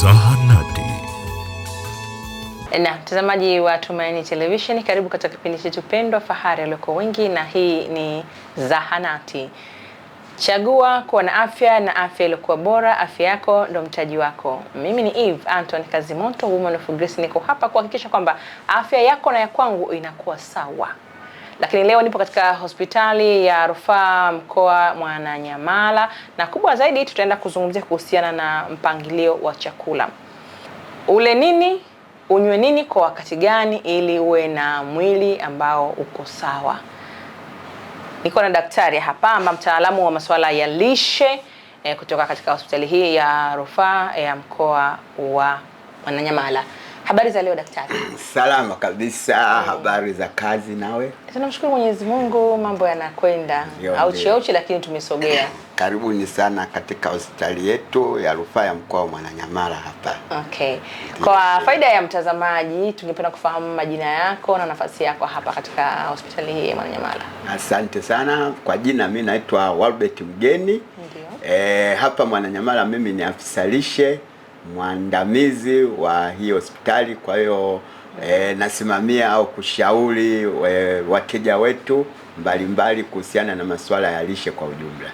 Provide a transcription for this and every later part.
Zahanati. Na mtazamaji wa Tumaini Television, karibu katika kipindi chetu pendwa Fahari Walioko Wengi, na hii ni Zahanati. Chagua kuwa na afya na afya iliyokuwa bora. Afya yako ndo mtaji wako. Mimi ni Eve Anton Kazimoto, Woman of Grace, niko hapa kuhakikisha kwamba afya yako na ya kwangu inakuwa sawa lakini leo nipo katika hospitali ya rufaa mkoa Mwananyamala, na kubwa zaidi tutaenda kuzungumzia kuhusiana na mpangilio wa chakula. Ule nini, unywe nini, kwa wakati gani, ili uwe na mwili ambao uko sawa. Niko na daktari hapa amba mtaalamu wa masuala ya lishe eh, kutoka katika hospitali hii ya rufaa eh, ya eh, mkoa wa Mwananyamala. Habari za leo daktari? Salama kabisa. Habari za kazi nawe? Tunamshukuru Mwenyezi Mungu, mambo yanakwenda au cheoche, lakini tumesogea. Karibuni sana katika hospitali yetu ya rufaa ya mkoa wa Mwananyamala hapa. Okay. Kwa faida ya mtazamaji, tungependa kufahamu majina yako na nafasi yako hapa katika hospitali hii ya Mwananyamala. Asante sana. Kwa jina mimi naitwa Walbert Mgeni. Ndio. Eh, hapa Mwananyamala mimi ni afisa lishe mwandamizi wa hii hospitali. Kwa hiyo e, nasimamia au kushauri e, wateja wetu mbalimbali kuhusiana na masuala ya lishe kwa ujumla.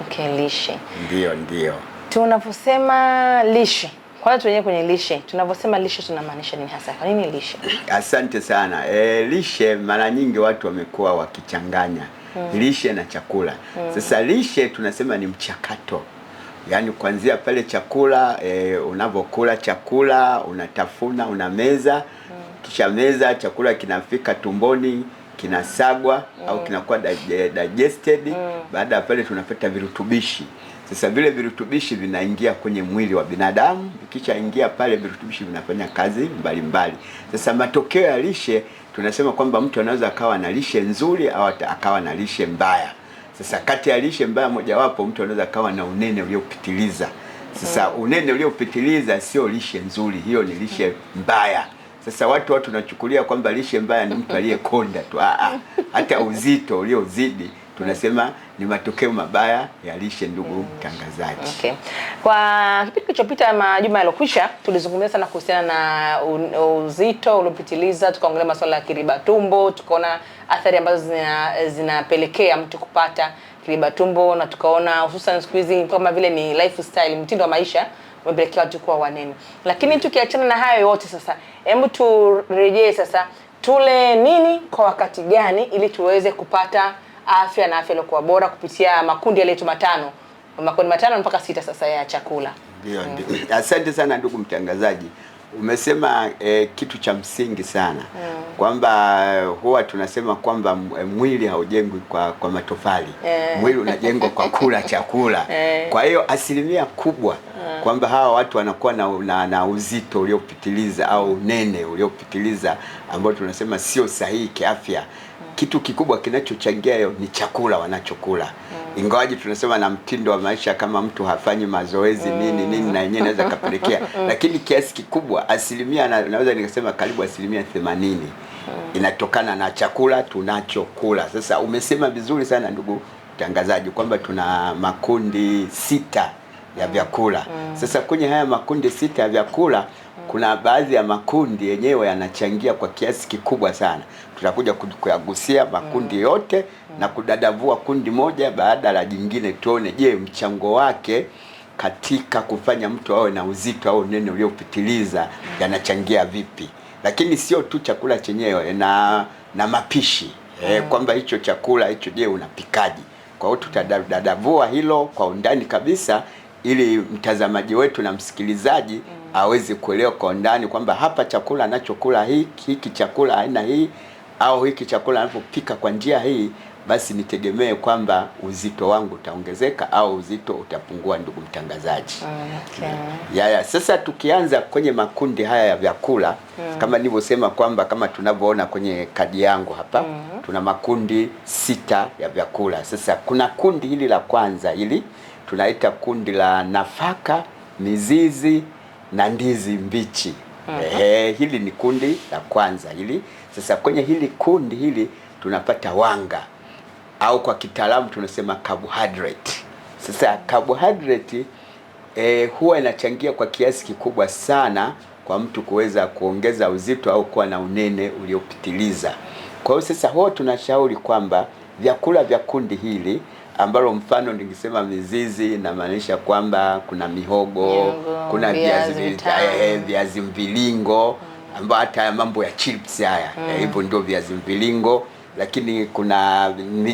Okay, lishe ndio ndio tunaposema lishe kwanza tuenyewe kwenye lishe, tunavyosema lishe tunamaanisha nini hasa? Kwa nini lishe? Asante sana. E, lishe mara nyingi watu wamekuwa wakichanganya hmm, lishe na chakula hmm. Sasa lishe tunasema ni mchakato yaani kuanzia pale chakula e, unavyokula chakula unatafuna unameza mm. kisha meza chakula kinafika tumboni kinasagwa mm. au kinakuwa digested mm. Baada ya pale tunapata virutubishi. Sasa vile virutubishi vinaingia kwenye mwili wa binadamu, vikishaingia pale virutubishi vinafanya kazi mbalimbali mbali. Sasa matokeo ya lishe tunasema kwamba mtu anaweza akawa na lishe nzuri au akawa na lishe mbaya. Sasa kati ya lishe mbaya mojawapo, mtu anaweza kawa na unene uliopitiliza. Sasa mm. unene uliopitiliza sio lishe nzuri, hiyo ni lishe mbaya. Sasa watu watu nachukulia kwamba lishe mbaya ni mtu aliyekonda tu, hata uzito uliozidi tunasema ni matokeo mabaya ya lishe, ndugu mm. mtangazaji. Mm. Okay. Kwa kipindi kilichopita majuma yaliyokwisha tulizungumzia sana kuhusiana na uzito uliopitiliza, tukaongelea masuala ya kiriba tumbo, tukaona athari ambazo zina, zinapelekea mtu kupata kiriba tumbo, na tukaona hususan siku hizi kama vile ni lifestyle, mtindo wa maisha umepelekea watu kuwa wanene. Lakini tukiachana na hayo yote sasa, hebu turejee sasa, tule nini kwa wakati gani ili tuweze kupata afya na afya iliyokuwa bora kupitia makundi yale yetu matano, makundi matano mpaka sita sasa ya chakula. Ndio, mm. Asante sana ndugu mtangazaji, umesema eh, kitu cha msingi sana mm. kwamba eh, huwa tunasema kwamba eh, mwili haujengwi kwa, kwa matofali yeah. Mwili unajengwa kwa kula chakula yeah. Kwa hiyo asilimia kubwa mm. kwamba hawa watu wanakuwa na, na, na uzito uliopitiliza au unene uliopitiliza ambao tunasema sio sahihi kiafya kitu kikubwa kinachochangia hiyo ni chakula wanachokula mm. Ingawaji tunasema na mtindo wa maisha, kama mtu hafanyi mazoezi mm. nini nini, na yenyewe naweza kapelekea mm. lakini kiasi kikubwa, asilimia na, naweza nikasema karibu asilimia themanini mm. inatokana na chakula tunachokula. Sasa umesema vizuri sana ndugu mtangazaji kwamba tuna makundi sita ya mm. vyakula mm. Sasa kwenye haya makundi sita ya vyakula mm. kuna baadhi ya makundi yenyewe yanachangia kwa kiasi kikubwa sana tunakuja kuyagusia makundi mm. yote mm. na kudadavua kundi moja baada la jingine, tuone je, mchango wake katika kufanya mtu awe na uzito au nene uliopitiliza mm. yanachangia vipi, lakini sio tu chakula chenyewe na na mapishi eh, mm. eh, kwamba hicho chakula hicho, je, unapikaji? Kwa hiyo tutadadavua hilo kwa undani kabisa ili mtazamaji wetu na msikilizaji mm. aweze kuelewa kwa undani kwamba hapa chakula anachokula hiki hiki chakula aina hii au hiki chakula anapopika kwa njia hii, basi nitegemee kwamba uzito wangu utaongezeka au uzito utapungua, ndugu mtangazaji. Ah, okay. Yaya, sasa tukianza kwenye makundi haya ya vyakula mm. kama nilivyosema kwamba kama tunavyoona kwenye kadi yangu hapa mm. tuna makundi sita ya vyakula. Sasa kuna kundi hili la kwanza, hili tunaita kundi la nafaka, mizizi na ndizi mbichi Eh, hili ni kundi la kwanza hili. Sasa kwenye hili kundi hili tunapata wanga au kwa kitaalamu tunasema carbohydrate. Sasa carbohydrate eh, huwa inachangia kwa kiasi kikubwa sana kwa mtu kuweza kuongeza uzito au kuwa na unene uliopitiliza. Kwa hiyo sasa, huwa tunashauri kwamba vyakula vya kundi hili ambalo mfano ningesema mizizi, namaanisha kwamba kuna mihogo, Yungo, kuna viazi vitamu, eh, eh, viazi mvilingo mm. ambao hata mambo ya chips haya eh, mm. hivyo mm. ndio viazi mvilingo lakini kuna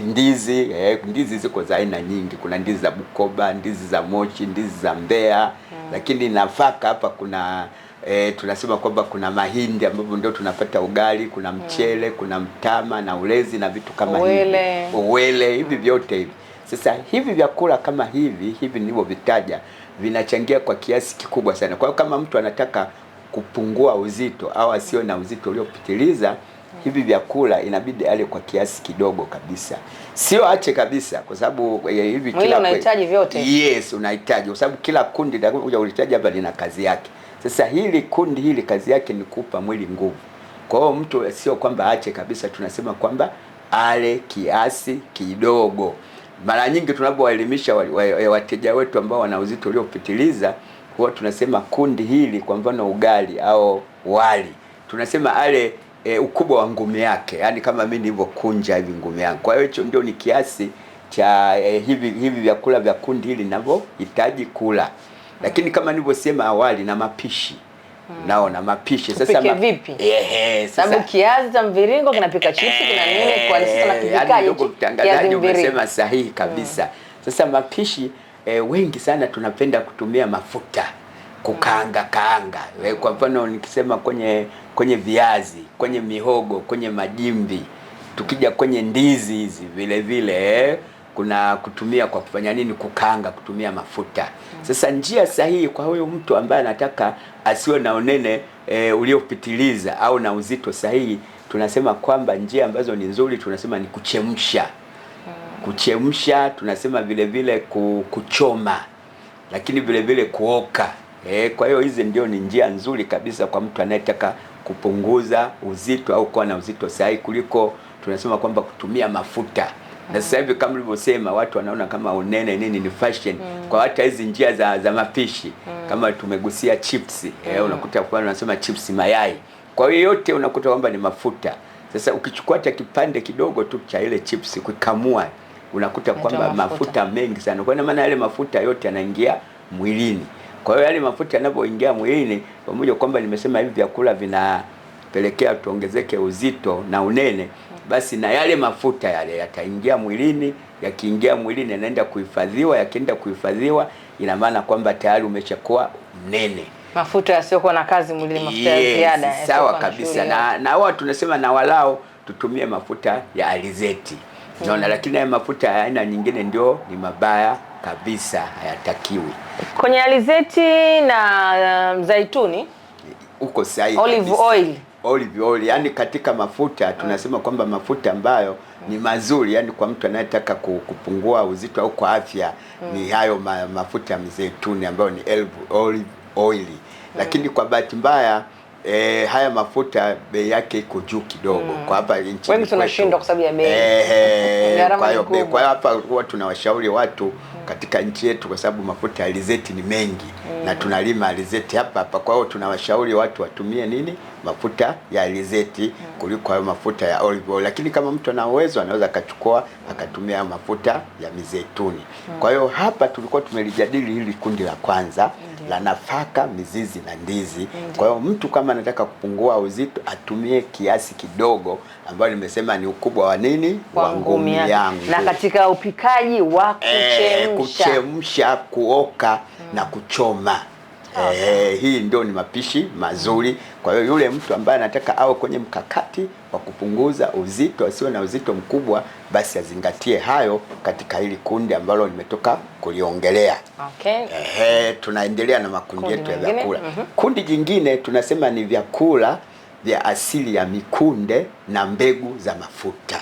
ndizi eh, ndizi ziko za aina nyingi. Kuna ndizi za Bukoba, ndizi za Moshi, ndizi za Mbeya mm. lakini nafaka hapa kuna eh, tunasema kwamba kuna mahindi ambapo ndio tunapata ugali, kuna mchele mm. kuna mtama na ulezi na vitu kama hivi, uwele hivi vyote hivi sasa hivi vyakula kama hivi hivi nilivyovitaja vinachangia kwa kiasi kikubwa sana. Kwa hiyo kama mtu anataka kupungua uzito au asio na uzito uliopitiliza, hivi vyakula inabidi ale kwa kiasi kidogo kabisa, sio ache kabisa, kwa sababu eh, hivi kila unahitaji vyote. Yes, unahitaji kwa sababu kila kundi utakuja ulitaja hapa lina kazi yake. Sasa hili kundi hili kazi yake ni kupa mwili nguvu. Kwa hiyo mtu sio kwamba ache kabisa, tunasema kwamba ale kiasi kidogo mara nyingi tunapowaelimisha wateja wetu ambao wana uzito uliopitiliza, huwa tunasema kundi hili, kwa mfano ugali au wali, tunasema ale e, ukubwa wa ngumi yake, yani kama mimi nilivyokunja hivi ngumi yangu. Kwa hiyo hicho ndio ni kiasi cha e, hivi hivi vyakula vya kundi hili ninavyohitaji kula, lakini kama nilivyosema awali na mapishi naona mapishi sasa ma... vipi? Ehe, sasa sababu kiazi cha mviringo kinapika chipsi kina nini, kwa nini sasa nakipika yaani mtangazaji, umesema sahihi mm. kabisa mm. Sasa mapishi e, wengi sana tunapenda kutumia mafuta kukaanga kaanga. Kwa mfano nikisema kwenye kwenye viazi, kwenye mihogo, kwenye majimbi, tukija kwenye ndizi hizi vile vile eh kuna kutumia kwa kufanya nini, kukanga kutumia mafuta. Mm. Sasa njia sahihi kwa huyo mtu ambaye anataka asiwe na unene e, uliopitiliza au na uzito sahihi, tunasema kwamba njia ambazo ni nzuri tunasema ni kuchemsha, mm. kuchemsha tunasema vile vile kuchoma, lakini vile vile kuoka. E, kwa hiyo hizi ndio ni njia nzuri kabisa kwa mtu anayetaka kupunguza uzito au kuwa na uzito sahihi kuliko tunasema kwamba kutumia mafuta na sasa hivi kama ulivyosema, watu wanaona kama unene nini ni fashion mm. kwa hata hizi njia za, za mapishi mm. kama tumegusia chips mm. eh, unakuta kwa unasema chips mayai, kwa hiyo yote unakuta kwamba ni mafuta. Sasa ukichukua hata kipande kidogo tu cha ile chips kukamua, unakuta kwamba mafuta mafuta mengi sana, kwa maana yale mafuta yote yanaingia mwilini. Kwa hiyo yale mafuta yanapoingia mwilini, pamoja kwamba nimesema hivi vyakula vinapelekea tuongezeke uzito na unene basi na yale mafuta yale yataingia mwilini. Yakiingia mwilini, yanaenda kuhifadhiwa. Yakienda kuhifadhiwa, ina maana kwamba tayari umeshakuwa mnene mafuta yasiyokuwa na kazi mwilini, mafuta yes, ya ziada. Sawa kabisa na, na wao tunasema na walao tutumie mafuta ya alizeti naona hmm. Lakini haya mafuta ya aina nyingine ndio ni mabaya kabisa, hayatakiwi kwenye alizeti na um, zaituni, uko sahihi olive oil olive oil, yani katika mafuta tunasema kwamba mafuta ambayo ni mazuri, yani kwa mtu anayetaka kupungua uzito au kwa afya mm. ni hayo ma, mafuta ya mzeituni ambayo ni olive oil mm. Lakini kwa bahati mbaya E, haya mafuta bei yake iko juu kidogo mm. Kwa hapa nchini tunashindwa kwa sababu ya bei. Kwa hiyo hapa huwa tunawashauri watu katika nchi yetu, kwa sababu mafuta ya alizeti ni mengi mm. na tunalima alizeti hapa hapa. Kwa hiyo tunawashauri watu watumie nini, mafuta ya alizeti mm. kuliko hayo mafuta ya olive oil, lakini kama mtu ana uwezo anaweza akachukua akatumia mafuta ya mizeituni mm. kwa hiyo hapa tulikuwa tumelijadili hili kundi la kwanza mm la nafaka, mizizi na ndizi. Kwa hiyo mtu kama anataka kupungua uzito atumie kiasi kidogo, ambayo nimesema ni ukubwa wa nini, wa ngumi yangu. Na katika upikaji wa eh, kuchemsha, e, kuchemsha kuoka mm. na kuchoma Eh, hii ndio ni mapishi mazuri. Kwa hiyo yule mtu ambaye anataka awe kwenye mkakati wa kupunguza uzito, asiwe na uzito mkubwa, basi azingatie hayo katika hili kundi ambalo nimetoka kuliongelea. Okay. Eh, tunaendelea na makundi yetu ya vyakula. mm -hmm. Kundi jingine tunasema ni vyakula vya asili ya mikunde na mbegu za mafuta.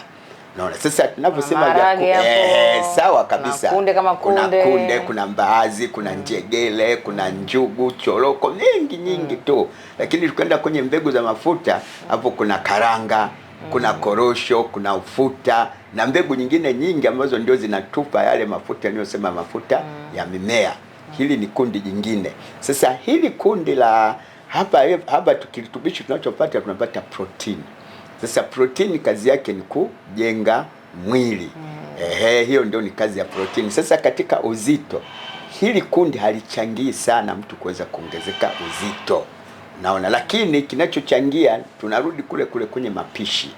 Naona sasa tunaposema eh, sawa kabisa. Kuna kunde kama kunde. Kuna kunde, kuna mbaazi, kuna njegele, kuna njugu, choroko nyingi nyingi mm. tu, lakini tukienda kwenye mbegu za mafuta hapo kuna karanga kuna mm. korosho, kuna ufuta na mbegu nyingine nyingi ambazo ndio zinatupa yale mafuta yanayosema mafuta mm. ya mimea. Hili ni kundi jingine. Sasa hili kundi la hapa hapa, tukirutubishi tunachopata tunapata protini. Sasa protini kazi yake ni kujenga mwili mm. Ehe, hiyo ndio ni kazi ya protini. Sasa katika uzito, hili kundi halichangii sana mtu kuweza kuongezeka uzito, naona lakini kinachochangia tunarudi kule kule kwenye mapishi.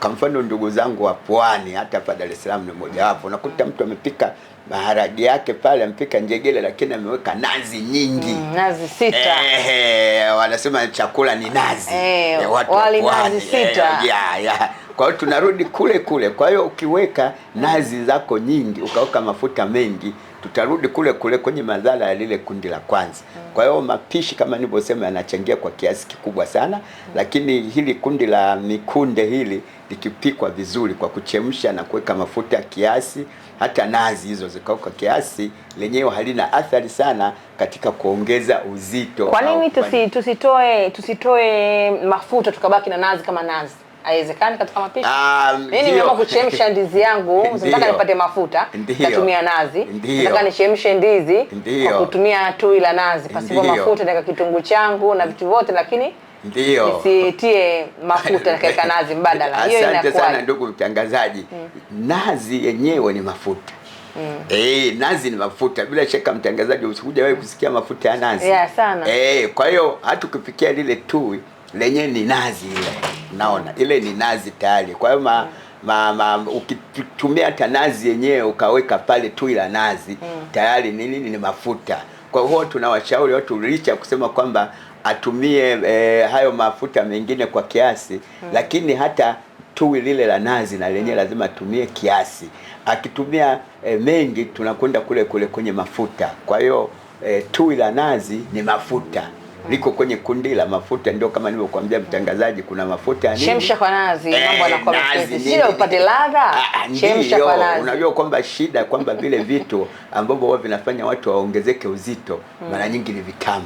Kwa mfano ndugu zangu wa pwani, hata hapa Dar es Salaam ni mojawapo, unakuta mtu amepika maharagi yake pale ampika njegele, lakini ameweka nazi nyingi mm, nazi sita. Eh, wanasema chakula ni nazi eh, eh, watu wali nazi sita eh, ya, ya. Kwa hiyo tunarudi kule kule. Kwa hiyo ukiweka nazi zako nyingi ukaweka mafuta mengi, tutarudi kule kule kwenye madhara ya lile kundi la kwanza. Kwa hiyo mapishi kama nilivyosema, yanachangia kwa kiasi kikubwa sana, lakini hili kundi la mikunde hili likipikwa vizuri kwa kuchemsha na kuweka mafuta kiasi hata nazi hizo zikauka kiasi lenyewe halina athari sana katika kuongeza uzito. Kwa nini tusi, tusitoe tusitoe mafuta tukabaki na nazi kama nazi? Haiwezekani katika mapishi. Um, mimi nimeamua kuchemsha ndizi yangu, nataka nipate mafuta, natumia nazi. Nataka nichemshe ndizi kwa kutumia tui la nazi pasipo mafuta na kitunguu changu na vitu vyote lakini ndio isitie mafuta nakaweka nazi mbadala. Hiyo inakuwa. Asante sana ndugu mtangazaji. Mm. Nazi yenyewe ni mafuta. Mm. Hey, eh, nazi ni mafuta bila shaka mtangazaji, usikujawahi kusikia mafuta ya nazi. Yeah, sana. Eh, kwa hiyo hata ukipikia lile tui lenyewe ni nazi ile. Naona ile ni nazi tayari. Kwa hiyo ma, mm. ma, ma ukitumia hata nazi yenyewe ukaweka pale tui la nazi mm. tayari ni nini? Ni mafuta. Kwa hiyo tunawashauri watu licha kusema kwamba atumie e, hayo mafuta mengine kwa kiasi hmm. Lakini hata tui lile la nazi na lenyewe lazima atumie kiasi. Akitumia e, mengi tunakwenda kule kule kwenye mafuta. Kwa hiyo e, tui la nazi ni mafuta liko kwenye kundi la mafuta, ndio kama nilivyokuambia mtangazaji, kuna mafuta nini, chemsha kwa nazi, mambo yanakuwa mepesi, sio upate ladha, ah, ah, chemsha kwa nazi. Unajua kwamba shida kwamba vile vitu ambavyo vinafanya watu waongezeke uzito hmm. mara nyingi ni vitamu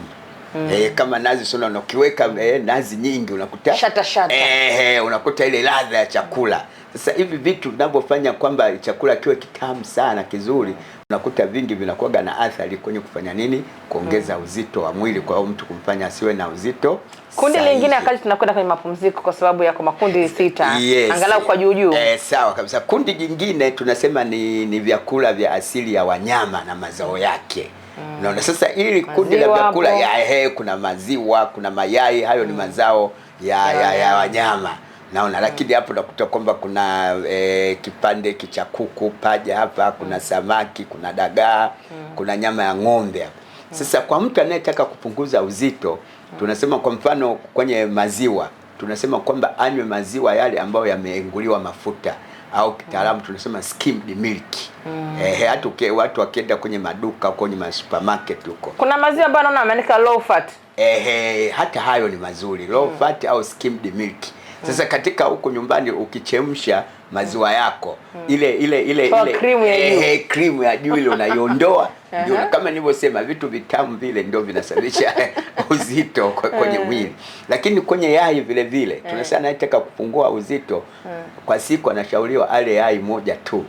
mm. eh, kama nazi suna unakiweka eh, nazi nyingi unakuta shata shata. Eh, eh, unakuta ile ladha ya chakula sasa hivi vitu vinavyofanya kwamba chakula kiwe kitamu sana kizuri, unakuta vingi vinakuwaga na athari kwenye kufanya nini, kuongeza mm. uzito wa mwili, kwa mtu kumfanya asiwe na uzito. Kundi lingine akali, tunakwenda kwenye mapumziko kwa sababu yako makundi sita, yes. angalau kwa juu juu. Eh, sawa kabisa. Kundi jingine tunasema ni, ni vyakula vya asili ya wanyama na mazao yake Ah. Naona sasa ili kundi la vyakula ya ehe, kuna maziwa, kuna mayai, hayo ni mm. mazao ya ya, ya wanyama naona mm. lakini hapo nakuta kwamba kuna e, kipande cha kuku paja hapa, kuna mm. samaki, kuna dagaa, kuna nyama ya ng'ombe. Sasa kwa mtu anayetaka kupunguza uzito, tunasema kwa mfano kwenye maziwa, tunasema kwamba anywe maziwa yale ambayo yameenguliwa mafuta au kitaalamu tunasema skimmed milk. Mm. Eh, hata uke watu wakienda kwenye maduka kwenye supermarket huko kuna maziwa ambayo naona yameandika low fat. Eh, hata hayo ni mazuri low mm. fat au skimmed milk. Sasa mm. katika huku nyumbani ukichemsha maziwa yako mm. ile ile ile ile cream ya juu ile unaiondoa Juu kama nilivyosema vitu vitamu vile ndio vinasababisha uzito kwenye eh. mwili, lakini kwenye yai vile vile eh. tunasema anayetaka kupungua uzito eh. kwa siku anashauriwa ale yai moja tu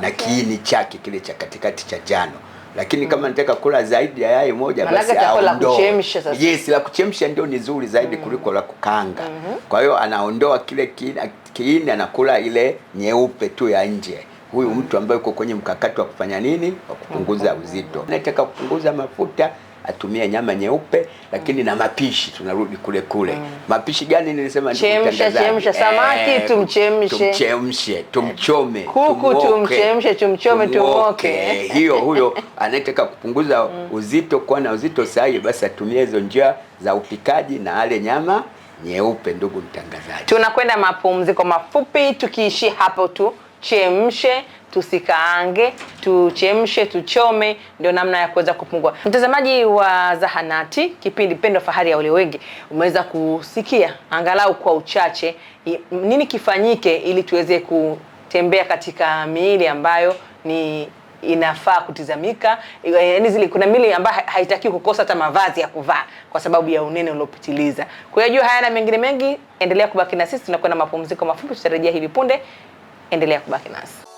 na kiini chake kile cha katikati cha jano lakini mm. kama nataka kula zaidi ya yai moja basi la kuchemsha Yes, la kuchemsha ndio ni zuri zaidi mm. kuliko la kukanga mm -hmm. Kwa hiyo anaondoa kile kiini, anakula ile nyeupe tu ya nje huyu mtu ambaye uko kwenye mkakati wa kufanya nini, wa kupunguza uzito, Anataka kupunguza mafuta atumie nyama nyeupe lakini na mapishi, tunarudi kule kule. Mm. Mapishi gani? Nilisema chemsha chemsha samaki eh, tumchemshe tumchemshe, tumchome kuku tumchemshe, tumchome, tumoke hiyo huyo anayetaka kupunguza mm. uzito, kuwa na uzito sahihi, basi atumie hizo njia za upikaji na ale nyama nyeupe. Ndugu mtangazaji, tunakwenda mapumziko mafupi, tukiishia hapo tu tuchemshe, tusikaange, tuchemshe, tuchome. Ndio namna ya kuweza kupungua. Mtazamaji wa Zahanati, kipindi Pendo Fahari ya Walio Wengi, umeweza kusikia angalau kwa uchache nini kifanyike ili tuweze kutembea katika miili ambayo ni inafaa kutizamika. E, yaani zile kuna mili ambayo haitaki kukosa hata mavazi ya kuvaa kwa sababu ya unene uliopitiliza. Kwa hiyo haya na mengine mengi, endelea kubaki na sisi, tunakuwa na mapumziko mafupi, tutarejea hivi punde endelea kubaki nasi.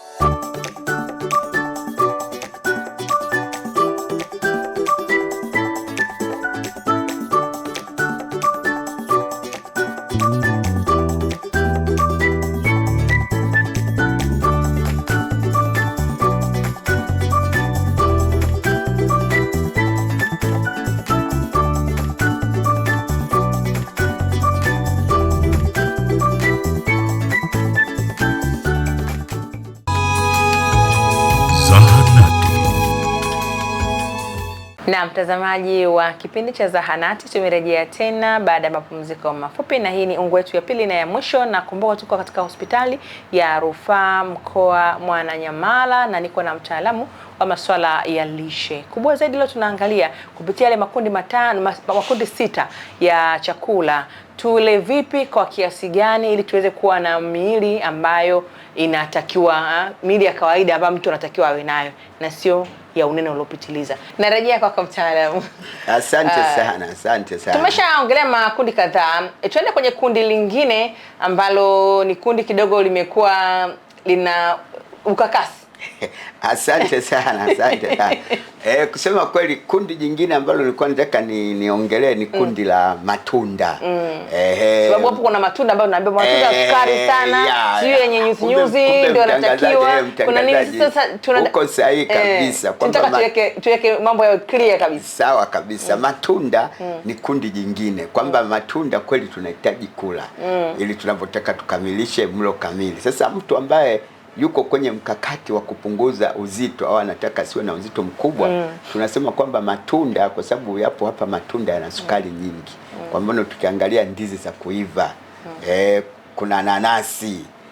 Na mtazamaji wa kipindi cha Zahanati, tumerejea tena baada ya mapumziko mafupi, na hii ni ungu yetu ya pili na ya mwisho. Na kumbuka, tuko katika hospitali ya rufaa mkoa Mwananyamala na niko na mtaalamu wa masuala ya lishe. Kubwa zaidi leo tunaangalia kupitia yale makundi matano, makundi sita ya chakula tule vipi kwa kiasi gani, ili tuweze kuwa na miili ambayo inatakiwa, ah, miili ya kawaida ambayo mtu anatakiwa awe nayo na sio ya unene uliopitiliza. Narejea kwako mtaalamu. Asante ah, sana, asante sana. Tumeshaongelea makundi kadhaa, e, tuende kwenye kundi lingine ambalo ni kundi kidogo limekuwa lina ukakasi Asante sana, asante sana. E, kusema kweli kundi jingine ambalo nilikuwa nataka ni niongelee ni kundi mm. la matunda mm. E, sababu hapo kuna matunda ambayo naambia matunda e, sukari sana sio yenye nyuzi nyuzi ndio yanatakiwa eh, kuna nini sasa tuna uko sahihi eh, kabisa e, kwamba tuweke tuweke mambo ya clear kabisa sawa kabisa mm. matunda mm. ni kundi jingine kwamba matunda kweli tunahitaji kula mm. ili tunavyotaka tukamilishe mlo kamili sasa mtu ambaye yuko kwenye mkakati wa kupunguza uzito au anataka siwe na uzito mkubwa mm. tunasema kwamba matunda, kwa sababu yapo hapa matunda yana sukari mm. nyingi mm. kwa mfano tukiangalia ndizi za kuiva mm. eh, kuna nanasi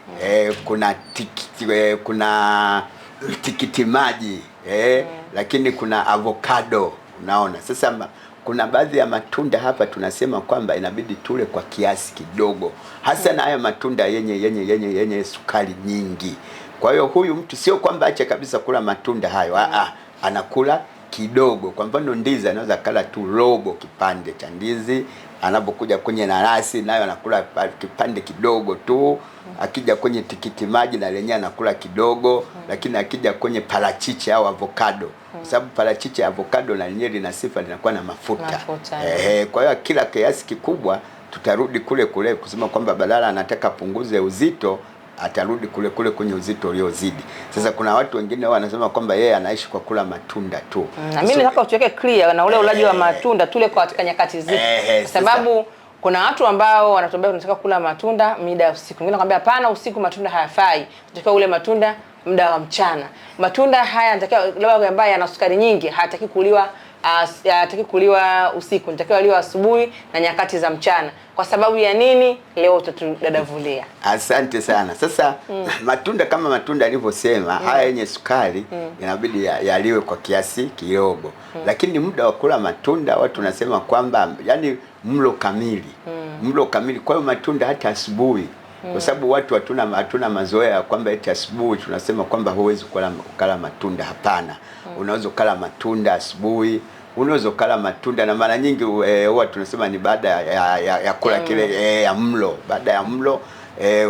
mm. eh, kuna tikiti eh, kuna tikiti maji eh, mm. lakini kuna avocado unaona sasa ma, kuna baadhi ya matunda hapa tunasema kwamba inabidi tule kwa kiasi kidogo, hasa na haya matunda yenye yenye yenye yenye sukari nyingi. Kwa hiyo huyu mtu sio kwamba ache kabisa kula matunda hayo, aa, ah, ah, anakula kidogo. Kwa mfano ndizi, anaweza kala tu robo kipande cha ndizi. Anapokuja kwenye nanasi, nayo anakula kipande kidogo tu. Akija kwenye tikiti maji, na lenyewe anakula kidogo, lakini akija kwenye parachichi au avocado, kwa sababu parachichi ya avocado na lenyewe lina sifa, linakuwa na mafuta, mafuta. Eh, kwa hiyo kila kiasi kikubwa tutarudi kule kule kusema kwamba badala anataka punguze uzito atarudi kule kule kwenye uzito uliozidi. Sasa kuna watu wengine wanasema kwamba yeye anaishi kwa kula matunda tu. Mm, na mimi nataka utuweke clear na ule ulaji wa eh, matunda tule kwa katika nyakati zipi, eh, eh, kwa sababu kuna watu ambao wanatuambia tunataka kula matunda mida ya usiku. Wengine wanakuambia hapana, usiku matunda hayafai, unatakiwa ule matunda muda wa mchana. Matunda haya yanatakiwa, labda ambaye ana sukari nyingi hataki kuliwa Ah, hataki kuliwa usiku, nitakiwa liwa asubuhi na nyakati za mchana. Kwa sababu ya nini? Leo utatudadavulia. Asante sana. Sasa mm. matunda kama matunda alivyosema mm. haya yenye sukari mm. inabidi yaliwe ya kwa kiasi kidogo mm. lakini muda wa kula matunda watu unasema kwamba yani mlo kamili mm. mlo kamili. Kwa hiyo matunda hata asubuhi mm. kwa sababu watu hatuna hatuna mazoea ya kwamba eti asubuhi tunasema kwamba huwezi kula matunda. Hapana, mm. unaweza kula matunda asubuhi unaweza ukala matunda na mara nyingi eh, huwa e, tunasema ni baada ya, ya, ya kula kile e, ya mlo baada ya mlo e,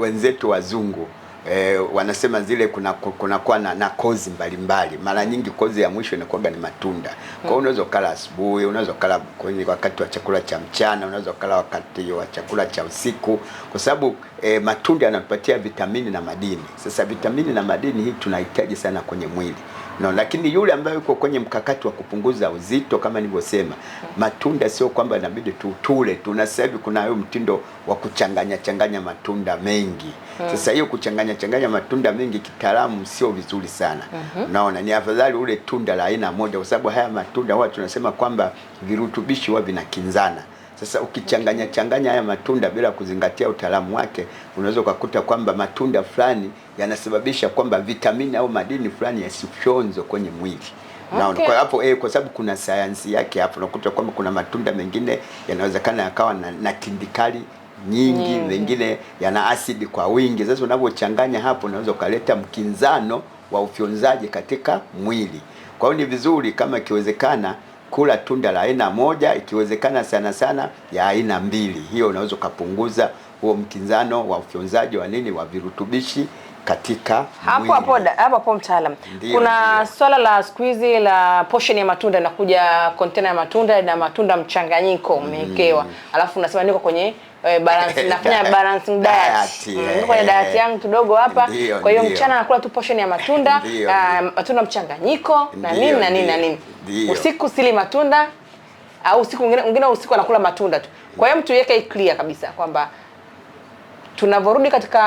wenzetu wazungu e, wanasema zile kuna kunakuwa na, na kozi mbalimbali. Mara nyingi kozi ya mwisho inakuwa ni matunda. Kwa hiyo mm. unaweza ukala asubuhi, unaweza ukala kwenye wakati wa chakula cha mchana, unaweza ukala wakati wa chakula cha usiku, kwa sababu e, matunda yanatupatia vitamini na madini. Sasa vitamini na madini hii tunahitaji sana kwenye mwili no, lakini yule ambaye yuko kwenye mkakati wa kupunguza uzito kama nilivyosema, matunda sio kwamba inabidi tu tule tuna. Sasa hivi kuna hayo mtindo wa kuchanganya changanya matunda mengi hmm. Sasa hiyo kuchanganya changanya matunda mengi kitaalamu sio vizuri sana hmm. Unaona, ni afadhali ule tunda la aina moja, kwa sababu haya matunda huwa tunasema kwamba virutubishi huwa vinakinzana. Sasa ukichanganya changanya haya matunda bila kuzingatia utaalamu wake, unaweza ukakuta kwamba matunda fulani yanasababisha kwamba vitamini au madini fulani yasifyonzo kwenye mwili. Okay. Kwa hapo eh, kwa sababu kuna sayansi yake hapo, unakuta kwamba kuna matunda mengine yanawezekana yakawa na, na tindikali nyingi mengine mm yana asidi kwa wingi. Sasa unavyochanganya hapo, unaweza ukaleta mkinzano wa ufyonzaji katika mwili. Kwa hiyo ni vizuri kama ikiwezekana kula tunda la aina moja, ikiwezekana sana sana ya aina mbili. Hiyo unaweza ukapunguza huo mkinzano wa ufyonzaji wa nini wa virutubishi katika hapo hapo hapo hapo. Mtaalam, kuna swala la siku hizi la portion ya matunda na kuja container ya matunda na matunda mchanganyiko umewekewa, mm. Alafu unasema niko kwenye eh, balance nafanya balancing diet mm, niko kwenye diet yangu kidogo hapa. Kwa hiyo mchana nakula tu portion ya matunda uh, matunda mchanganyiko na nini na nini na nini Ndiyo. Usiku sili matunda au usiku mwingine usiku anakula matunda tu. Kwa hiyo mtu yeke clear kabisa kwamba tunavyorudi katika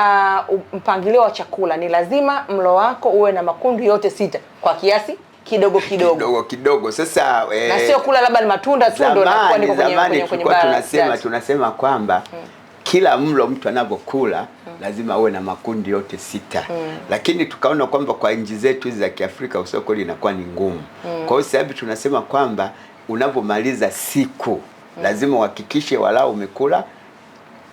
mpangilio wa chakula ni lazima mlo wako uwe na makundi yote sita kwa kiasi kidogo kidogo kidogo kidogo. Sasa na eh, sio kula labda matunda tu ndio, na kwa kwenye tunasema tunasema kwamba hmm kila mlo mtu anavyokula mm. lazima awe na makundi yote sita mm. lakini tukaona kwamba kwa nchi zetu hizi za Kiafrika usoko linakuwa ni ngumu mm. kwa hiyo sababu tunasema kwamba unavyomaliza siku mm. lazima uhakikishe walau umekula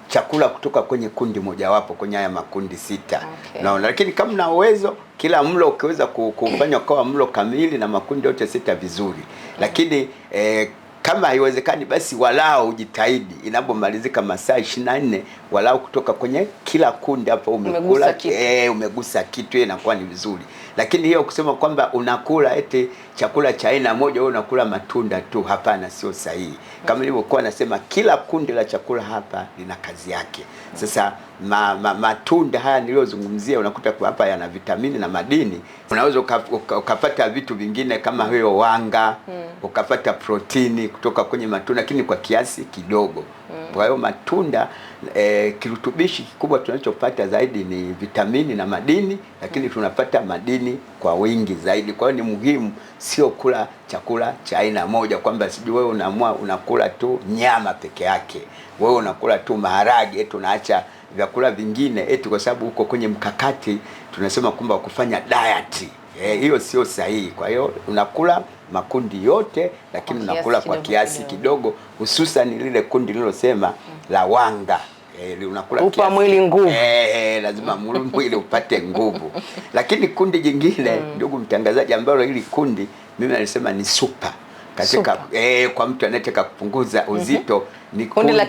chakula kutoka kwenye kundi mojawapo kwenye haya makundi sita okay. Naona, lakini kama na uwezo kila mlo ukiweza kufanya ukawa mlo kamili na makundi yote sita vizuri, mm. lakini eh, kama haiwezekani, basi walau ujitahidi inapomalizika masaa ishirini na nne walau kutoka kwenye kila kundi hapo umekula umegusa kitu, e, umegusa kitu inakuwa ni vizuri, lakini hiyo kusema kwamba unakula eti chakula cha aina moja, wewe unakula matunda tu. Hapana, sio sahihi. Kama nilivyokuwa nasema, kila kundi la chakula hapa lina kazi yake. Sasa ma, ma, matunda haya niliyozungumzia unakuta kwa hapa yana vitamini na madini. Unaweza ukapata vitu vingine kama hiyo wanga hmm. ukapata protini kutoka kwenye matunda, lakini kwa kiasi kidogo. Kwa hiyo matunda E, kirutubishi kikubwa tunachopata zaidi ni vitamini na madini, lakini tunapata madini kwa wingi zaidi. Kwa hiyo ni muhimu, sio kula chakula cha aina moja, kwamba sijui wewe unaamua unakula tu nyama peke yake, wewe unakula tu maharage, unaacha vyakula vingine eti kwa sababu uko kwenye mkakati tunasema kwamba kufanya diet. Eh, hiyo sio sahihi. Kwa hiyo unakula makundi yote, lakini unakula kwa kiasi kidogo, hususan lile kundi lilosema mm. la wanga eh, unakula upa mwili nguvu eh, eh, lazima mwili upate nguvu lakini kundi jingine mm. ndugu mtangazaji, ambalo hili kundi mimi nalisema ni super katika eh, kwa mtu anayetaka kupunguza mhm. uzito mm -hmm. ni kundi la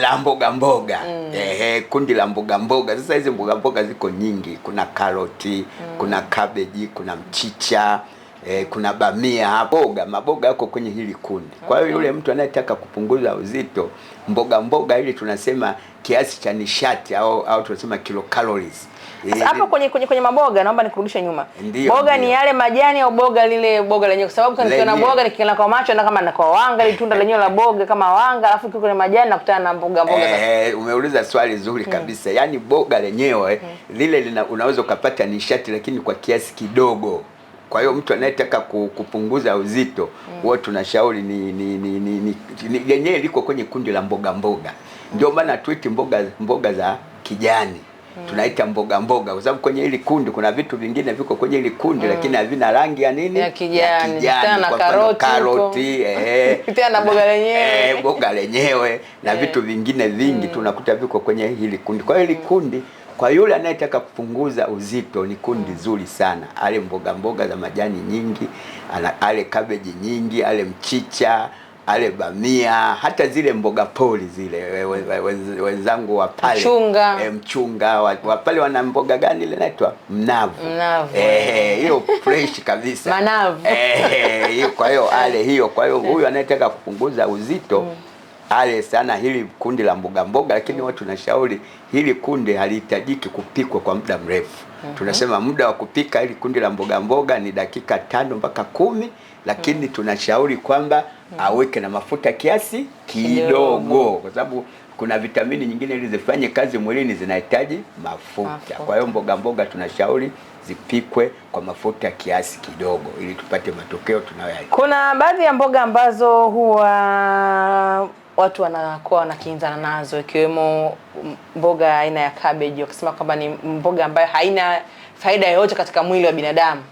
la mboga mboga mm. eh, kundi la mboga mboga. Sasa hizi mboga mboga ziko nyingi, kuna karoti mm. kuna kabeji, kuna mchicha eh, kuna bamia mboga maboga yako kwenye hili kundi. Kwa hiyo okay. yule mtu anayetaka kupunguza uzito mboga mboga, ili tunasema kiasi cha nishati au, au tunasema calories hapo kwenye kwenye kwenye maboga, naomba nikurudishe nyuma. Ndiyo, boga ndiyo. Ni yale majani au boga lile boga lenyewe? Kwa sababu kana nikiona boga nikiona kwa macho na kama na kwa wanga ile tunda lenyewe la boga kama wanga, alafu kiko kwenye majani nakutana na mboga mboga. Eh, umeuliza swali zuri hmm. kabisa. Hmm. Yaani boga lenyewe hmm. lile lina, unaweza ukapata nishati lakini kwa kiasi kidogo. Kwa hiyo mtu anayetaka kupunguza uzito hmm. huwa tunashauri ni ni ni, ni, ni yenyewe liko kwenye kundi la mboga mboga, ndio hmm. maana tuiti mboga mboga za kijani tunaita mboga mboga, kwa sababu kwenye hili kundi kuna vitu vingine viko kwenye hili kundi mm. lakini havina rangi ya nini ya kijani, kwa mfano karoti eh, na boga lenyewe eh, boga lenyewe na yeah. vitu vingine vingi mm. tunakuta viko kwenye hili kundi. Kwa hiyo hili mm. kundi kwa yule anayetaka kupunguza uzito ni kundi mm. zuri sana. Ale mboga mboga za majani nyingi, ale kabeji nyingi, ale mchicha ale bamia, hata zile mboga poli zile wenzangu wa pale mchunga, e, mchunga wa pale wana mboga gani ile inaitwa mnavu, mnavu eh, hiyo e, fresh kabisa manavu eh, hiyo kwa hiyo ale hiyo. Kwa hiyo huyu anayetaka kupunguza uzito mm. Ale sana hili kundi la mboga mboga, lakini mm. watu nashauri hili kundi halihitajiki kupikwa kwa muda mrefu. -hmm. Tunasema muda wa kupika ili kundi la mboga mboga ni dakika tano mpaka kumi, lakini mm -hmm. tunashauri kwamba mm -hmm. aweke na mafuta kiasi kidogo, kwa sababu kuna vitamini nyingine ili zifanye kazi mwilini zinahitaji mafuta, mafuta. Kwa hiyo mboga mboga tunashauri zipikwe kwa mafuta kiasi kidogo ili tupate matokeo tunayoyataka. Kuna baadhi ya mboga ambazo huwa watu wanakuwa wanakinzana nazo, ikiwemo mboga aina ya cabbage, wakisema kwamba ni mboga ambayo haina faida yoyote katika mwili wa binadamu.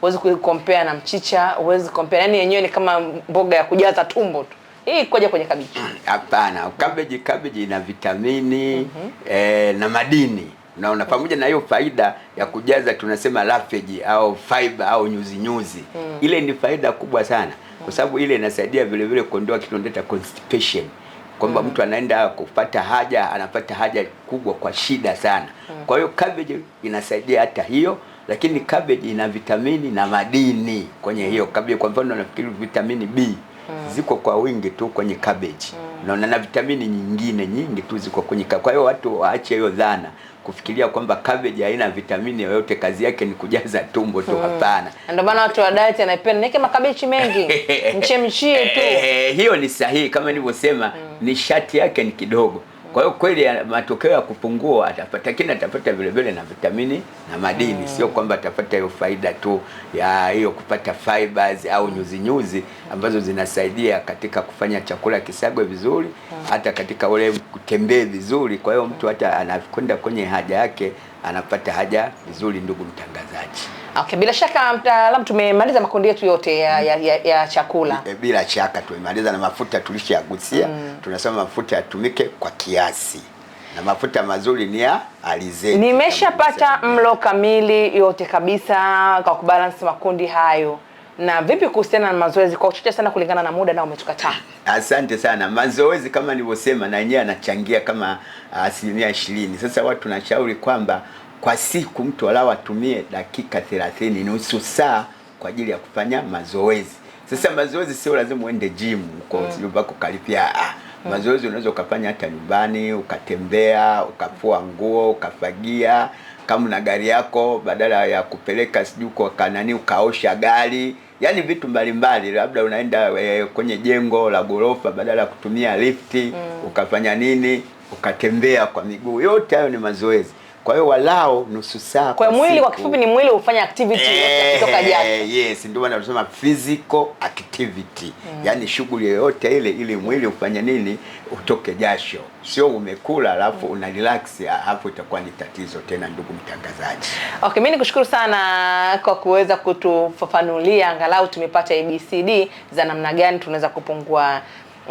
Huwezi kuikompea na mchicha, huwezi kukompea, yani yenyewe ni kama mboga ya kujaza tumbo tu. Hii ikoje kwenye cabbage? Hapana, cabbage cabbage ina vitamini mm -hmm. eh, na madini unaona pamoja na hiyo faida ya kujaza tunasema lafeji au fiber au nyuzinyuzi -nyuzi. Mm. Ile ni faida kubwa sana kwa sababu ile inasaidia vile vile kuondoa kitu kinaitwa constipation kwamba mm mtu anaenda kupata haja anapata haja kubwa kwa shida sana mm kwa hiyo cabbage inasaidia hata hiyo, lakini cabbage ina vitamini na madini kwenye mm. hiyo cabbage. Kwa mfano nafikiri vitamini B mm ziko kwa wingi tu kwenye cabbage mm na na vitamini nyingine nyingi tu ziko kwenye. Kwa hiyo watu waache hiyo dhana kufikiria kwamba cabbage haina vitamini yoyote, kazi yake ni kujaza tumbo tu. Hmm. Hapana, ndio maana watu wa diet wanaipenda, niweke makabichi mengi mchemshie tu. Eh, hiyo ni sahihi, kama nilivyosema, hmm. nishati yake ni kidogo. Kwa hiyo kweli matokeo ya kupungua atapata, lakini atapata vile vile na vitamini na madini mm. Sio kwamba atapata hiyo faida tu ya hiyo kupata fibers au nyuzi nyuzi ambazo zinasaidia katika kufanya chakula kisagwe vizuri mm. Hata katika ule kutembee vizuri. Kwa hiyo mtu hata anakwenda kwenye haja yake anapata haja vizuri, ndugu mtangazaji. Okay, bila shaka mtaalamu, tumemaliza makundi yetu yote ya, ya, ya, ya chakula. E, bila shaka tumemaliza na mafuta tulishagusia. Mm. Tunasema mafuta yatumike kwa kiasi na mafuta mazuri ni ya alizeti. Nimeshapata mlo kamili yote kabisa kwa kubalance makundi hayo na vipi kuhusiana na mazoezi? Kwa uchache sana, kulingana na muda, na umetukataa. Asante sana. Mazoezi kama nilivyosema, na yeye anachangia kama asilimia ishirini. Sasa watu nashauri kwamba kwa siku mtu walau atumie dakika 30 nusu saa kwa ajili ya kufanya mazoezi. Sasa mazoezi sio lazima uende gym uko nyumbako mm. kalipia ah. ah. Mm. Mazoezi unaweza ukafanya hata nyumbani, ukatembea, ukafua nguo, ukafagia kama na gari yako, badala ya kupeleka sijui kwa kanani ukaosha gari, yaani vitu mbalimbali, labda unaenda e, kwenye jengo la ghorofa, badala ya kutumia lifti mm. ukafanya nini, ukatembea kwa miguu. Yote hayo ni mazoezi. Kwa hiyo walau nusu saa kwa mwili. Kwa kifupi ni mwili hufanya activity yote eh, kutoka jasho. Yes, ndio maana tunasema physical activity mm. Yaani shughuli yoyote ile ili mwili ufanye nini, utoke jasho, sio umekula alafu mm. una relax, hapo itakuwa ni tatizo tena, ndugu mtangazaji. Okay, mimi nikushukuru sana kwa kuweza kutufafanulia, angalau tumepata ABCD za namna gani tunaweza kupungua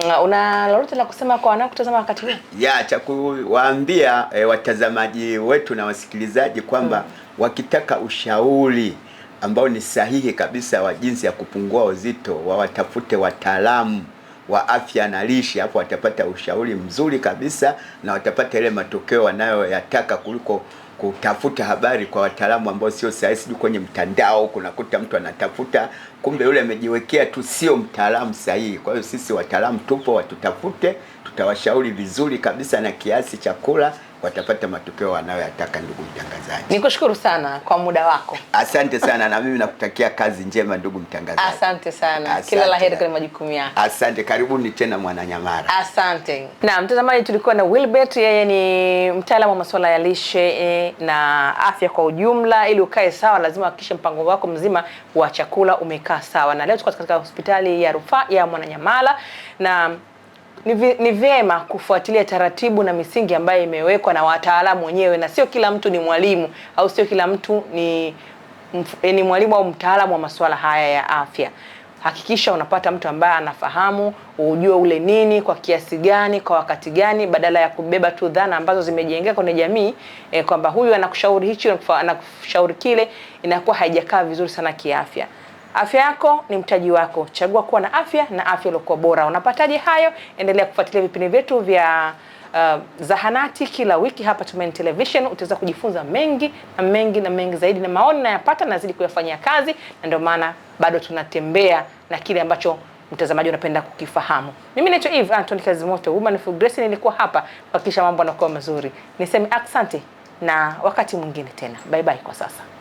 Una lolote la kusema kwa wanaokutazama wakati huu? Ya, cha kuwaambia e, watazamaji wetu na wasikilizaji kwamba mm. wakitaka ushauri ambao ni sahihi kabisa wa jinsi ya kupungua uzito wawatafute wataalamu wa afya na lishe, hapo watapata ushauri mzuri kabisa na watapata ile matokeo wanayoyataka kuliko kutafuta habari kwa wataalamu ambao sio sahihi, sijui kwenye mtandao kunakuta mtu anatafuta, kumbe yule amejiwekea tu, sio mtaalamu sahihi. Kwa hiyo sisi wataalamu tupo, watutafute, tutawashauri vizuri kabisa na kiasi cha kula watapata matokeo wanayoyataka. Ndugu mtangazaji, nikushukuru sana kwa muda wako, asante sana na mimi nakutakia kazi njema ndugu mtangazaji, asante sana, asante. Kila la heri kwenye majukumu yako, asante. Karibuni tena Mwananyamara. asante. Na mtazamaji, tulikuwa na Wilbert, yeye ni mtaalamu wa masuala ya lishe e, na afya kwa ujumla. Ili ukae sawa, lazima hakikishe mpango wako mzima wa chakula umekaa sawa, na leo tuko katika hospitali ya rufaa ya Mwananyamala na ni vyema kufuatilia taratibu na misingi ambayo imewekwa na wataalamu wenyewe, na sio kila mtu ni mwalimu au sio kila mtu ni, eh, ni mwalimu au mtaalamu wa masuala haya ya afya. Hakikisha unapata mtu ambaye anafahamu, ujue ule nini kwa kiasi gani, kwa wakati gani, badala ya kubeba tu dhana ambazo zimejengeka kwenye jamii e, kwamba huyu anakushauri hichi anakushauri kile, inakuwa haijakaa vizuri sana kiafya. Afya yako ni mtaji wako, chagua kuwa na afya na afya iliyokuwa bora. Unapataje hayo? Endelea kufuatilia vipindi vyetu vya Uh, zahanati kila wiki hapa Tumaini Television, utaweza kujifunza mengi na mengi na mengi zaidi, na maoni nayapata, nazidi kuyafanyia kazi, na ndio maana bado tunatembea na kile ambacho mtazamaji unapenda kukifahamu. Mimi naitwa Eve Anton Kazimoto, Woman of Grace, nilikuwa hapa kuhakikisha mambo yanakuwa mazuri. Niseme asante na wakati mwingine tena, bye bye kwa sasa.